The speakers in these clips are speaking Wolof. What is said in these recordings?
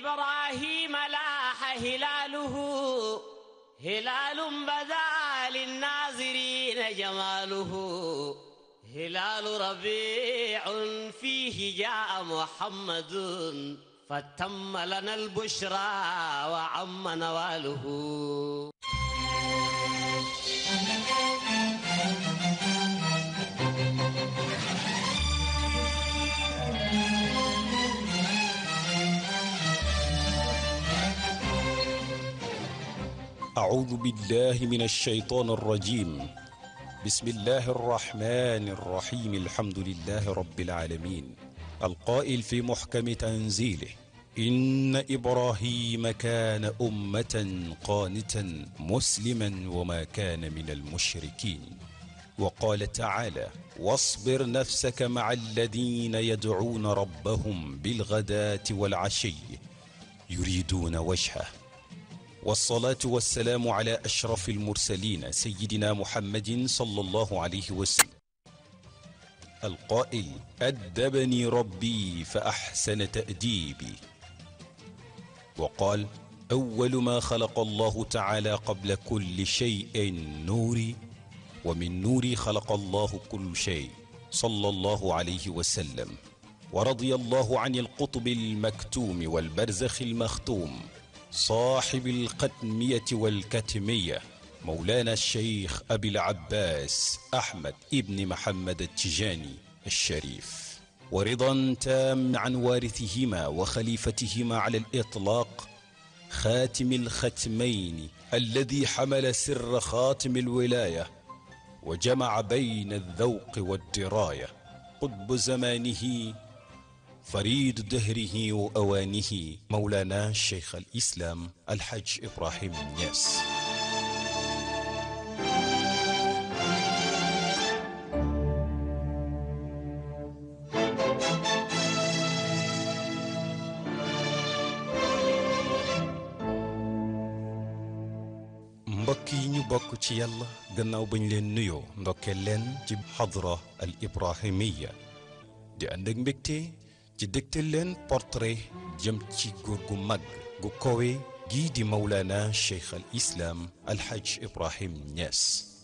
إبراهيم لاح هلاله هلال بدا للناظرين جماله هلال ربيع فيه جاء محمد فتم لنا البشرى وعم نواله أعوذ بالله من الشيطان الرجيم بسم الله الرحمن الرحيم الحمد لله رب العالمين القائل في محكم تنزيله إن إبراهيم كان أمة قانتا مسلما وما كان من المشركين وقال تعالى واصبر نفسك مع الذين يدعون ربهم بالغداة والعشي يريدون وجهه wasalaatu wasalaamu ala ashrafi almursalina sayidina muhammadin sallallahu alayhi wa sallam alqaail addabani rabbi fa axsana ta'diibi wa qaal awalu ma xalaqa allahu taala qabla kulli cheyin nuuri wa min nuuri xalaqa allahu kullu chey sallallahu alayhi wa sallam wa radiya allahu an alqutbi almaktuumi walbarzaxi almaxtuum صاحب القتمية والكتمية مولانا الشيخ أبي العباس أحمد ابن محمد التجاني الشريف ورضا تام عن وارثهما وخليفتهما على الإطلاق خاتم الختمين الذي حمل سر خاتم الولاية وجمع بين الذوق والدراية قطب زمانه فريد دهره وأوانه مولانا شيخ الإسلام الحج إبراهيم نياس mbokk yi ñu bokk ci yàlla gannaaw bañ leen nuyoo ndokkee leen ci xadra al ibrahimiya di ànd ak mbégte ci dégtal leen portrait jëm ci góor gu mag gu kowe gii di mawlaana cheikh al islaam alhaj ibrahim Niass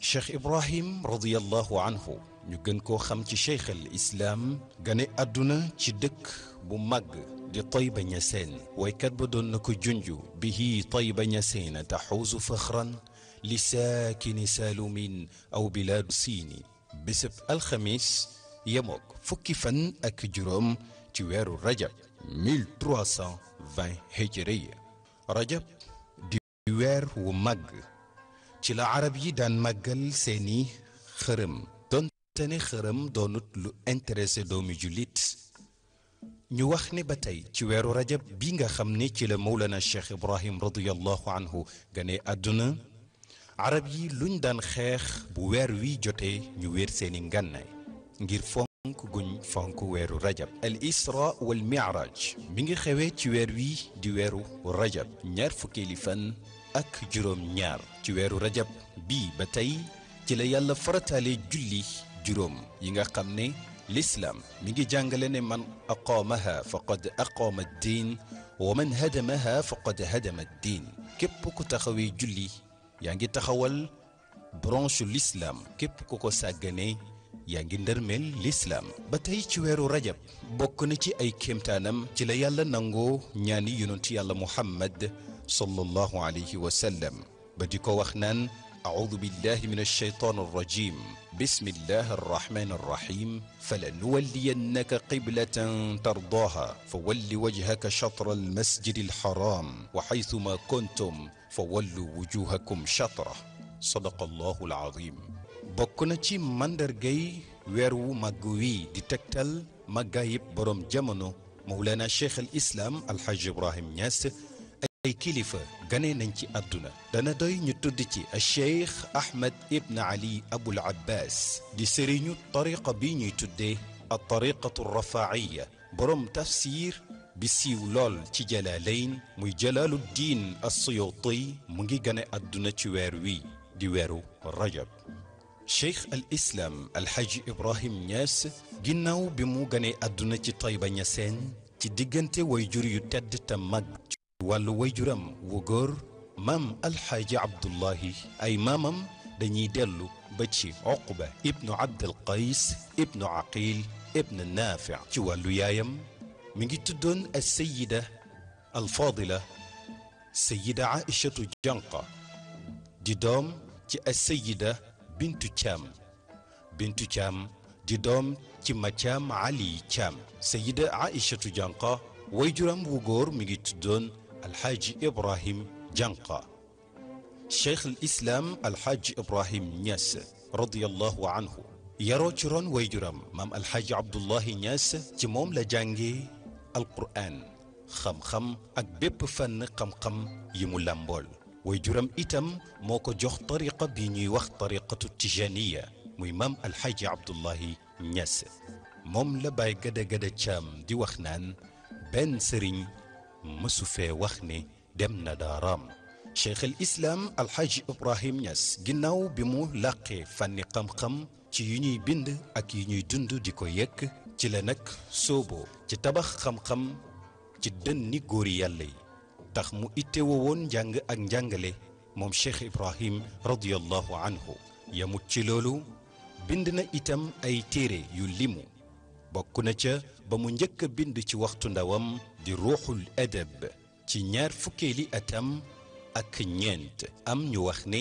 cheikh ibrahim radiallahu anhu ñu gën koo xam ci cheikh al islaam gane àdduna ci dëkk bu mag di Tayba Ñaseen waykat ba doon na ko junj bihi Tayba Ñaseen taxuusu faxran li saakini saalumin aw bilaadu siini bésëb alxamis yemook fukki fan ak juróom ci weeru rajab 1320 hijri rajab di weer wu màgg ci la arab yi daan màggal seeni xërëm donte ne xërëm doonut lu intéressé doomi jullit ñu wax ni ba tey ci weeru rajab bi nga xam ni ci la mawlana cheikh ibrahim radiallahu anhu gane àdduna arab yi luñ daan xeex bu weer wi jotee ñu wéer seeni ngànnaay ngir fonk guñ fonk weeru rajab al wa wal miraj mi ngi xewee ci weer wi di weeru rajab ñaar fukkeeli fan ak juróom ñaar ci weeru rajab bi ba tey ci la yàlla farataale julli juróom yi nga xam ne lislaam mi ngi jàngale ne man aqaamaha faqad aqaama diin wa man hadamaha faqad hadama diin képp ku taxawee julli yaa ngi taxawal branche lislaam képp ku ko sàgganee yaa ngi ndërmeel lislaam ba tey ci weeru rajab bokk na ci ay kéemtaanam ci la yàlla nangoo ñaani yonent yàlla muhammad sallallahu alayhi wa sallam ba di ko wax naan أعوذ بالله من الشيطان الرجيم بسم الله الرحمن الرحيم فلنولينك قبلة ترضاها فول وجهك شطر المسجد الحرام وحيثما كنتم فولوا وجوهكم شطره صدق الله العظيم bokk na ci màndargay weer wu màgg wii di tegtal màggaayib borom jamono mawlana cheikh al islam alhaj ibrahim Niass ay kilifa gane nañ ci àdduna dana doy ñu tudd ci cheikh ahmed ibn ali abul abbas di seriñu tariqa bi ñuy tuddee al tariqatu rafaiya boroom tafsir bi siiw lool ci jalaalayn muy jalaalu diin as suyuti mu ngi gane adduna ci weer wi di weeru rajab cheikh al islam Ibrahim Niass ginnaaw bi mu ganee àdduna ci Taïba Niassène ci diggante wayjur yu tedd te mag ci wàllu wayjuram wu góor maam alxaaji Abdullahi ay maamam dañuy dellu ba ci Uqba ibnu Abdul Qays ibnu Aqil ibnu Naafi ci wàllu yaayam mi ngi tuddoon al sayida alfadila sayida Aïchatu Janqa di doom ci al sayida Bintu Thiam Bintu Thiam di doom ci Mathiam Ali Thiam Sayida Aïchatu Dianka wayjuram wu góor mi ngi tuddoon Alxaaji Ibrahim Dianka Cheikh al Islam Alxaaji Ibrahim Niass radiyallahu anhu yaroo ci ron wayjuram maam Alxaaji Abdullahi Niass ci moom la jàngee Alqur'an xam-xam ak bépp fan xam-xam yi mu làmbool way juram itam moo ko jox tariqa bi ñuy wax tariqatu tijaniya muy maam alxaaji abdullahi ñas moom la Baye Gada Gada Thiam di wax naan benn sëriñ mësu fee wax ne dem na daaram cheikh al islam alxaaji ibrahim Niass ginnaaw bi mu làqee fànni xam-xam ci yu ñuy bind ak yu ñuy dund di ko yëkk ci la nag soobo ci tabax xam-xam ci dënni góori yàlla tax mu ittewoo woon njàng ak njàngale moom Cheikh Ibrahim radiyallahu anhu yamut ci loolu bind na itam ay téere yu limu bokk na ca ba mu njëkk a bind ci waxtu ndawam di ruuxul adab ci ñaar fukkeeli atam ak ñeent am ñu wax ne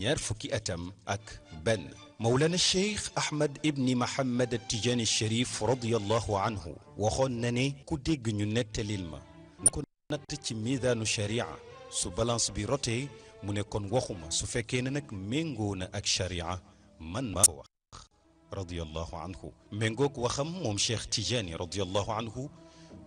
ñaar fukki atam ak benn mawlana cheikh ahmad ibni mahamad atijaani sharif radiallahu anhu waxoon na ne ku dégg ñu nettalil ma natt ci miidaanu sharia su balance bi rotee mu ne kon waxuma su fekkee ne nag méngoo na ak sharia man ma ko wax radiyallahu anhu méngoog waxam moom Cheikh Tijaani radiyallahu anhu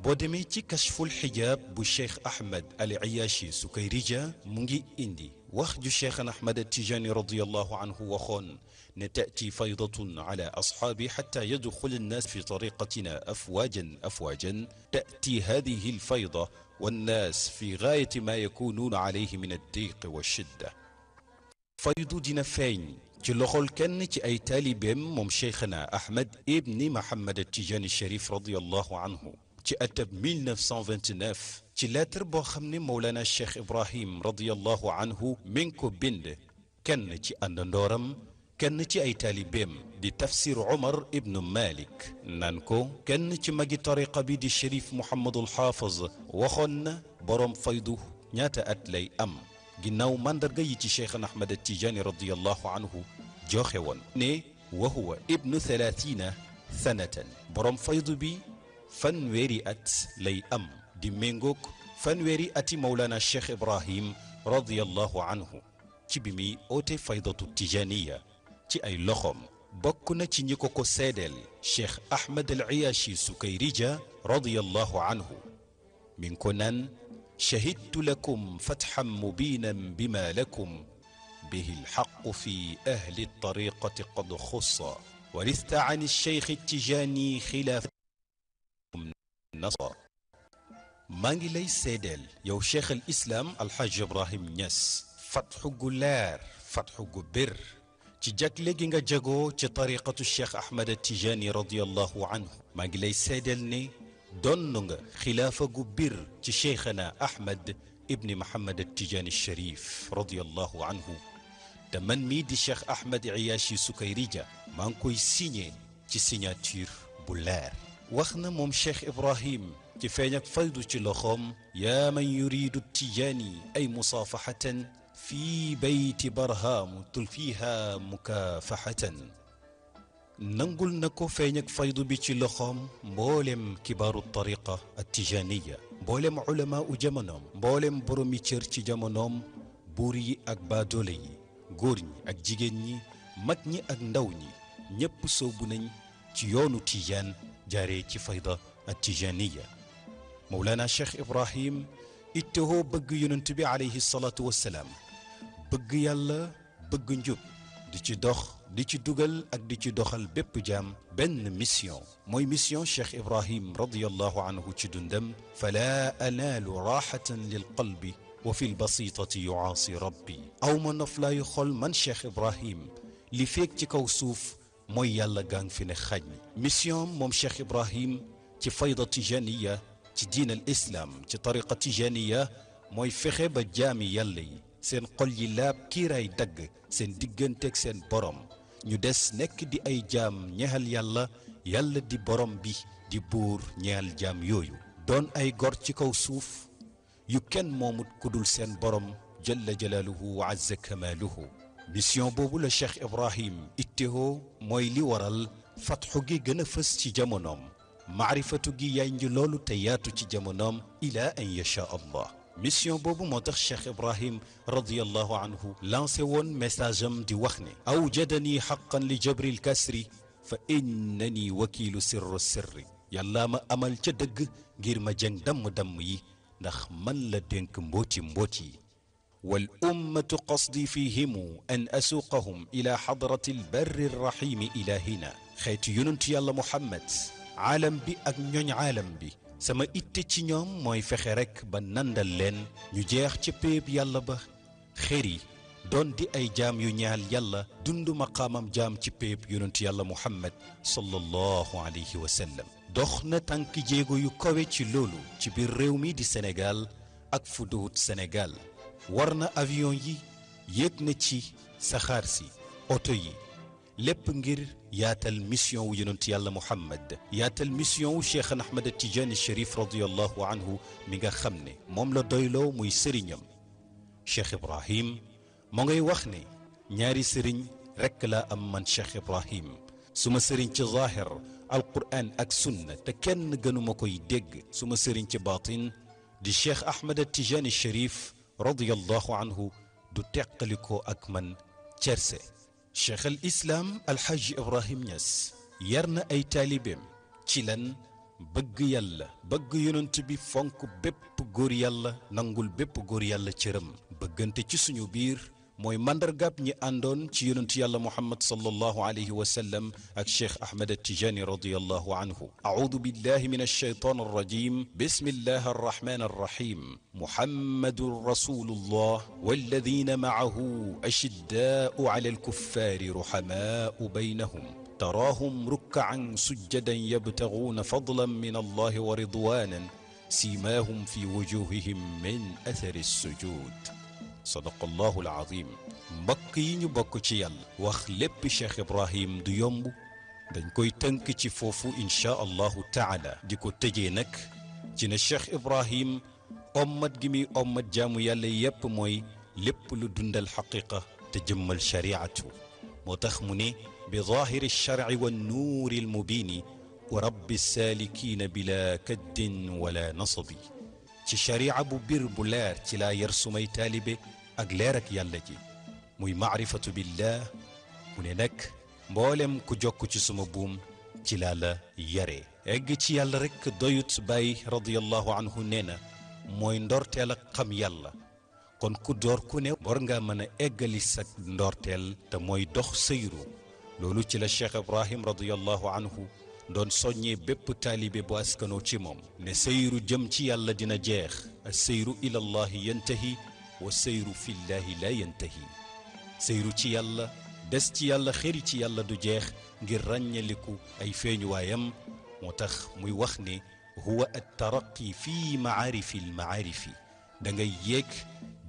boo demee ci kashful xijaab bu cheikh Ahmed al Ayashi Sukayrija mu ngi indi wax ju cheikh Ahmed Tijani radiyallahu anhu waxoon ne taati faydatun ala asxaabi xataa yadxula annaas fi tariqatina afwaajan afwaajan taati hadihi alfayda wannaas fi gaayati ma yakunuuna alayhi min addiiqi wa shidda faydu dina feeñ ci loxol kenn ci ay taalibeem moom cheikhna Ahmed ibni Mahamad Tijani Sharif radiyallahu anhu ci atab 1929 ci lettre boo xam ne Mawlana Cheikh Ibrahim radiyallahu anhu mi ngi ko bind kenn ci àndandooram kenn ci ay taalibeem di tafsir Omar ibn Malik naan ko kenn ci magi tariqa bi di Chérif Mouhamadul Xaafaz waxoon na boroom faydu ñaata at lay am ginnaaw màndarga yi ci Cheikh Ahmed Tijaani radiyallahu anhu joxe woon ne wa huwa ibnu thalathina sanatan faydu bi fanweeri at lay am di méngoog fanweeri ati mawlana cheikh ibrahim radiallahu anhu ci bi muy oote faydatu tijaniya ci ay loxoom bokk na ci ñi ko ko seedeel cheikh ahmed al iyashi sukayrija radiallahu anhu mi ngi ko naan shahidtu lakum fatxan mubinan bima lakum bihi alxaqu fi ahli altariqati qad xussa wa listaani alcheikh altijani xilaaf nasra maa ngi lay seedeel yow cheikh al islaam alxaj ibrahim ñas fatxu gu fatxu gu ci jagle gi nga jagoo ci tariqatu cheikh ahmad tijaani radiallahu anhu maa ngi lay sedel ni donn nga xilaafa gu bir ci cheikhana ahmad ibni mohamad tijaani sharif radiallahu anhu te man mii di cheikh ahmad iyaashi sukayrija maa ngi koy signé ci signature bu wax na moom cheikh ibrahim ci feeñak faydu ci loxoom yaa man yuridu tijaani ay musaafaxatan fii bayti barhaamu tul fiiha mukaafaxatan nangul na ko feeñ ak faydu bi ci loxoom mboolem kibaaru tariqa attijaaniya mboolem ulamaa u jamonoom mboolem boromi cër ci jamonoom buur yi ak baadoole yi góor ñi ak jigéen ñi mag ñi ak ndaw ñi ñépp soobu nañ ci yoonu tijaan jaaree ci fayda atijaniya Mawlana Cheikh Ibrahim ittewoo bëgg yonent bi alayhi salaatu wassalaam bëgg yàlla bëgg njub di ci dox di ci dugal ak di ci doxal bépp jaam benn mission mooy mission Cheikh Ibrahim radiyallahu anhu ci dundam falaa anaalu raaxatan lil qalbi wa fi lbasitati yuaasi rabbi aw ma noflaayu xol man Cheikh Ibrahim li feeg ci kaw mooy yàlla gaa fi ne xaj mission moom Cheikh Ibrahim ci fayda tijaniya ci diin al islaam ci tariqa tijaniya mooy fexe ba jaami yalla yi seen xol yi laab kiiraay dagg seen digganteeg seen borom ñu des nekk di ay jaam ñeexal yàlla yàlla di borom bi di buur ñeexal jaam yooyu doon ay gor ci kaw suuf yu kenn moomut kudul seen borom jalla jalaaluhu wa azza kamaaluhu mission boobu la cheikh ibrahim ittihoo mooy li waral fatxu gi gën a fës ci jamonoom maarifatu gi yanj loolu te yaatu ci jamonom ila an yasha allah mission boobu moo tax cheikh ibrahim radiallahu anhu lancé woon message am di wax ne awjadani xaqan li jabril kasri fa innani wakiilu sirru sirri yàllaa ma amal ca dëgg ngir ma jëng dam damm yi ndax man la dénk mbooti mbooti yi والأمة قصدي فيهم أن أسوقهم إلى حضرة البر الرحيم إلى هنا xeet yonent yàlla Muhammad aalam bi ak ñooñ aalam bi sama itte ci ñoom mooy fexe rekk ba nandal leen ñu jeex ca péeb yàlla ba xër yi doon di ay jaam yu ñaal yàlla dund maqaamam jaam ci péeb yonent yàlla Muhammad sallallahu alayhi wa sallam dox na tànk jéego yu kawe ci loolu ci biir réew mi di senegal ak fu duut Sénégal war na avion yi yéeg na ci saxaar si oto yi lépp ngir yaatal mission wu yonent yàlla Muhammad yaatal mission wu Cheikhan Ahmed Tidiane Chérif radiyallahu anhu mi nga xam ne moom la doyloo muy sëriñam Cheikh Ibrahim moo ngay wax ne ñaari sëriñ rek la am man Cheikh Ibrahim suma sëriñ ci zaahir alquran ak sunna te kenn gënuma koy dégg suma sëriñ ci baatin di Cheikh Ahmed Tidiane Chérif radiyallahu anhu du teqalikoo ak man cerse cheikh al islaam alxaaji ibrahim ñas yar na ay taalibeem ci lan bëgg yàlla bëgg yonent bi fonk bépp góor yàlla nangul bépp góor yàlla cëram bëggante ci suñu biir mooy mandargab ñi àndoon ci yonent yàlla muhammad sallallahu alayhi wa sallam ak cheikh ahmed atijani radiallahu anhu audu billahi min alcheytan arrajim bismillah arrahman arrahim muhammadun rasulullah walladina maahu ashiddaau ala alkuffari ruhamaau baynahum taraahum rukkaan sujjadan yabtaguuna fadlan min allahi wa ridwanan siimaahum fi wujuhihim min athari alsujud sadaqallahu alazim mbokk yi ñu bokk ci yàlla wax lépp Cheikh Ibrahim du yomb dañ koy tënk ci foofu inchaa allahu taala di ko tëjee nag ci ne Cheikh Ibrahim ommat gi muy ommat jaamu yàlla yépp mooy lépp lu dundal xaqiqa te jëmmal shariatu moo tax mu ne bi zahiri alsharci wannuuri almubini wa rabbi saalikiina bila kaddin wala nasabi ci sharia bu bir bu leer ci laa yar sumay taalibe ak leer ak yàlla ci muy maarifatu billah mu ne nag mboolem ku jokk ci suma buum ci laa la yare egg ci yàlla rekk doyut bàyyi radiyallahu anhu nee na mooy ndorteel ak xam yàlla kon ku door ku ne war nga mën a eggali sa ndorteel te mooy dox sëyru loolu ci la cheikh ibrahim radiyallahu anhu doon soññee bépp taalibe bu askanoo ci moom ne sëyru jëm ci yàlla dina jeex as sëyru ilallahi yantahi wa seyru fillaahi la yantahi seyru ci yàlla des ci yàlla xëri ci yàlla du jeex ngir ràññaliku ay feeñuwaayam moo tax muy wax ne huwa attaraqi fi maarifi lmaarifi da ngay yéeg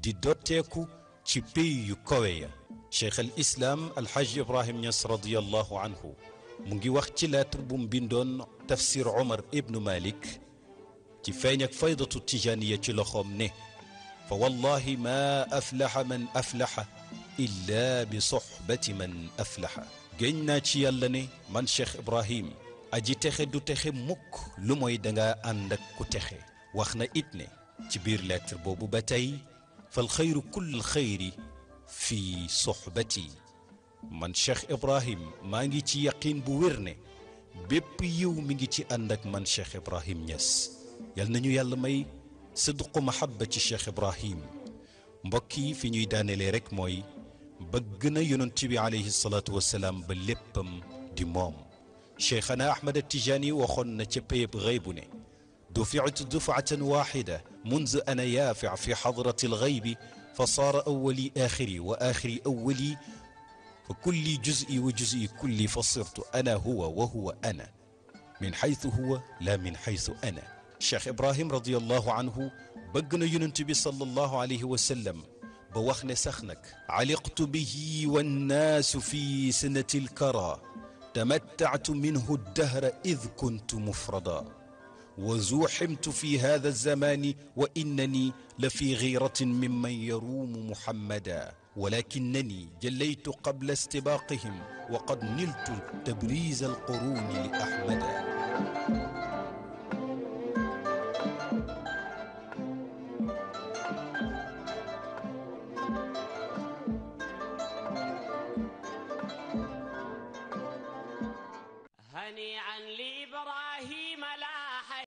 di dotteeku ci pays yu kawe ya cheikh al islaam alhaj ibrahim Niass radiallahu anhu mu ngi wax ci lettre bu bindoon tafsir omar ibnu malik ci feeñ ak faydatu tijaniya ci loxoom ne fa wallahi ma aflaxa man aflaxa illa bi soxbati man aflaxa géñ naa ci yàlla ne man cheikh ibrahim aji texe du texe mukk lu moy danga ànd ku texe wax na it ne ci biir lettre boobu ba tey fal xayru kull xayri fii soxbati man cheikh ibrahim maa ngi ci yaqiin bu wér ne bépp yiw mi ngi ci ànd ak man cheikh ibrahim Niass yal nañu yàlla may sidqu mahabbati cheikh ibrahim mbokk yi fi ñuy daanelee rek mooy bëgg na yonent bi alayhi salaatu wasalaam ba léppam di moom cheikhana ahmad tijaani waxoon na ca péyeb xëybu ne دفعت دفعة واحدة منذ أنا يافع في حضرة الغيب فصار أولي آخري وآخري أولي فكل جزئي وجزئي كلي فصرت أنا هو وهو أنا من حيث هو لا من حيث أنا cheikh ibrahim radiallahu anhu bëgg na yonent bi sallallahu alayhi wa sallam ba wax ne sax nag aliqtu bihi wannaasu fi sinati alkara tamattaatu minhu dahra id kuntu mufrada wa zuuximtu fi hada alzamani wa innani la fi giiratin mimman yaruumu muhammada walakinani jalaytu qabla istibaaqihim wa qad niltu tabriiza alquruuni li ahmada